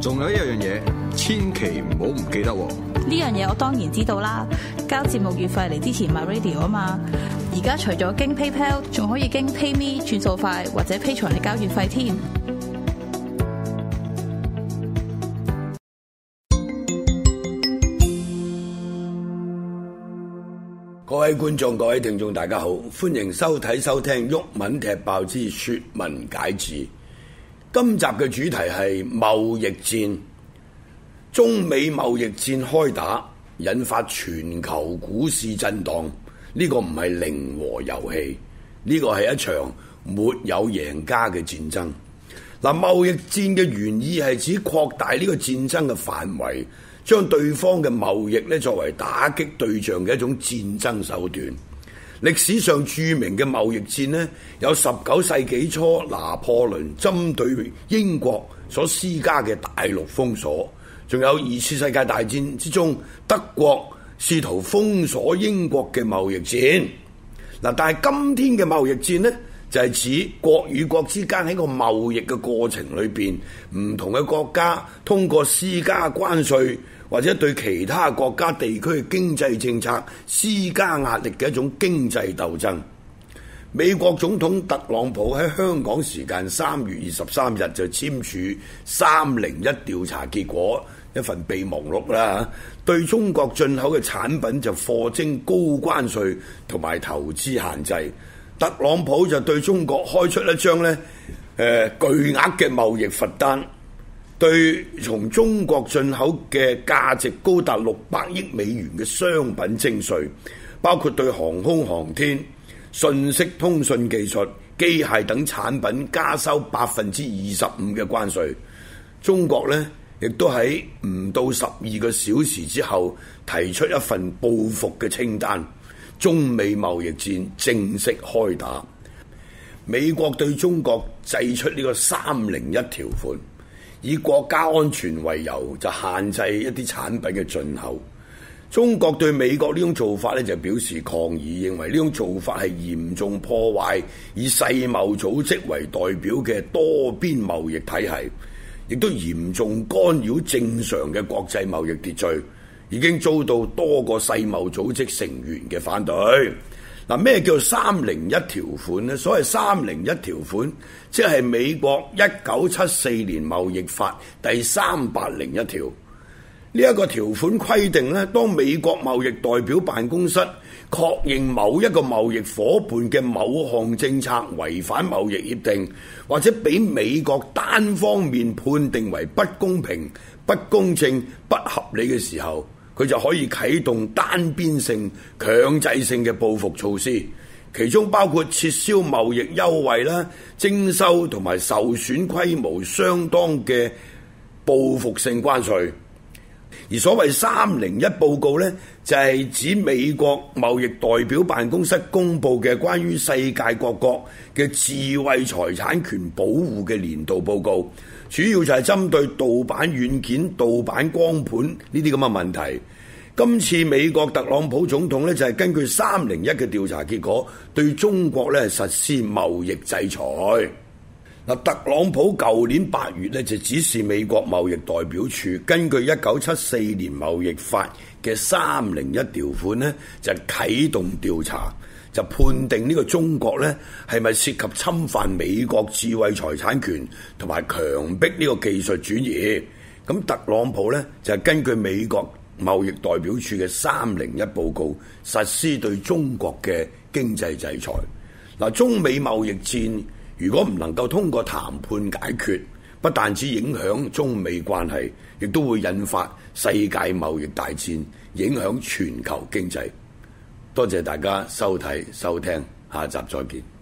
仲有一樣嘢，千祈唔好唔記得。呢樣嘢我當然知道啦，交節目月費嚟支持 MyRadio 啊嘛。而家除咗經 PayPal，仲可以經 PayMe 轉數快，或者 Patreon 嚟交月費添。各位觀眾、各位聽眾，大家好，歡迎收睇、收聽《毓民踢爆之說文解字》。今集嘅主題係貿易戰，中美貿易戰開打，引發全球股市震盪。呢個唔係零和遊戲，呢個係一場沒有贏家嘅戰爭。嗱，貿易戰嘅原意係指擴大呢個戰爭嘅範圍，將對方嘅貿易咧作為打擊對象嘅一種戰爭手段。歷史上著名嘅貿易戰呢，有十九世紀初拿破崙針對英國所施加嘅大陸封鎖，仲有二次世界大戰之中德國試圖封鎖英國嘅貿易戰。嗱，但係今天嘅貿易戰呢，就係指國與國之間喺個貿易嘅過程裏邊，唔同嘅國家通過施加關稅，或者對其他國家地區經濟政策施加壓力嘅一種經濟鬥爭。美國總統特朗普喺香港時間三月二十三日就簽署三零一調查結果一份備忘錄啦，對中國進口嘅產品就課徵高關稅同埋投資限制。特朗普就對中國開出一張咧誒巨額嘅貿易罰單。對從中國進口嘅價值高達六百億美元嘅商品徵稅，包括對航空航天、信息通訊技術、機械等產品加收百分之二十五嘅關稅。中國呢，亦都喺唔到十二個小時之後提出一份報復嘅清單，中美貿易戰正式開打。美國對中國祭出呢個三零一條款。以國家安全為由就限制一啲產品嘅進口，中國對美國呢種做法呢，就表示抗議，認為呢種做法係嚴重破壞以世貿組織為代表嘅多邊貿易體系，亦都嚴重干擾正常嘅國際貿易秩序，已經遭到多個世貿組織成員嘅反對。嗱，咩叫三零一條款呢？所謂三零一條款，即係美國一九七四年貿易法第三百零一條。呢、這、一個條款規定咧，當美國貿易代表辦公室確認某一個貿易伙伴嘅某項政策違反貿易協定，或者俾美國單方面判定為不公平、不公正、不合理嘅時候，佢就可以啟動單邊性、強制性嘅報復措施，其中包括撤銷貿易優惠啦、徵收同埋受損規模相當嘅報復性關稅。而所謂三零一報告呢就係指美國貿易代表辦公室公布嘅關於世界各國嘅智慧財產權保護嘅年度報告，主要就係針對盜版軟件、盜版光盤呢啲咁嘅問題。今次美國特朗普總統呢，就係根據三零一嘅調查結果，對中國呢實施貿易制裁。特朗普舊年八月咧就指示美國貿易代表處根據一九七四年貿易法嘅三零一條款咧，就啟動調查，就判定呢個中國咧係咪涉及侵犯美國智慧財產權同埋強迫呢個技術轉移？咁特朗普呢，就根據美國貿易代表處嘅三零一報告實施對中國嘅經濟制裁。嗱，中美貿易戰。如果唔能夠通過談判解決，不但只影響中美關係，亦都會引發世界貿易大戰，影響全球經濟。多謝大家收睇收聽，下集再見。